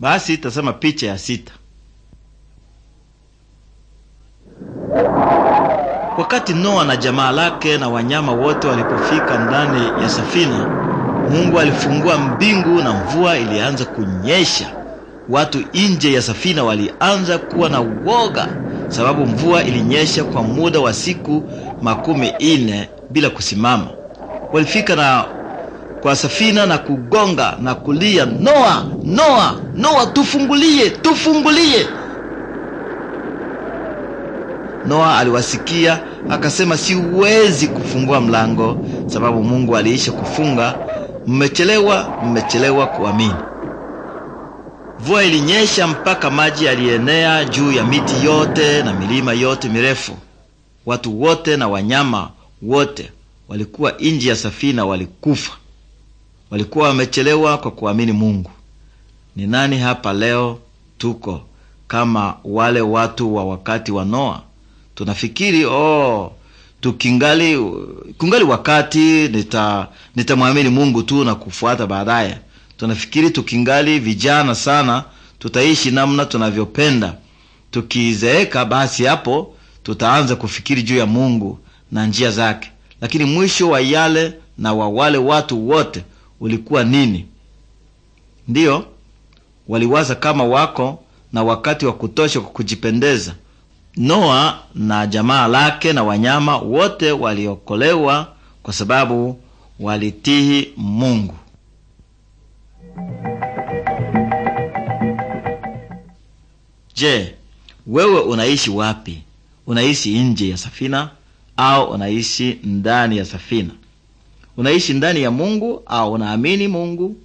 Basi tazama picha ya sita. Wakati Noa na jamaa lake na wanyama wote walipofika ndani ya safina, Mungu alifungua mbingu na mvua ilianza kunyesha. Watu nje ya safina walianza kuwa na woga, sababu mvua ilinyesha kwa muda wa siku makumi ine bila kusimama. Walifika na kwa safina na kugonga na kulia, Noa, Noa, Noa, tufungulie, tufungulie. Noa aliwasikia akasema, siwezi kufungua mlango, sababu Mungu aliisha kufunga. Mmechelewa, mmechelewa kuamini. Mvua ilinyesha mpaka maji yalienea juu ya miti yote na milima yote mirefu. Watu wote na wanyama wote walikuwa nje ya safina walikufa walikuwa wamechelewa kwa kuamini Mungu. Ni nani hapa leo tuko kama wale watu wa wakati wa Noa? Tunafikiri oh, tukingali kungali wakati, nitamwamini nita Mungu tu na kufuata baadaye. Tunafikiri tukingali vijana sana, tutaishi namna tunavyopenda. Tukizeeka basi, hapo tutaanza kufikiri juu ya Mungu na njia zake. Lakini mwisho wa yale na wa wale watu wote ulikuwa nini? Ndiyo, waliwaza kama wako na wakati wa kutosha kwa kujipendeza. Noa na jamaa lake na wanyama wote waliokolewa kwa sababu walitihi Mungu. Je, wewe unaishi wapi? Unaishi nje ya safina au unaishi ndani ya safina? unaishi ndani ya Mungu au unaamini Mungu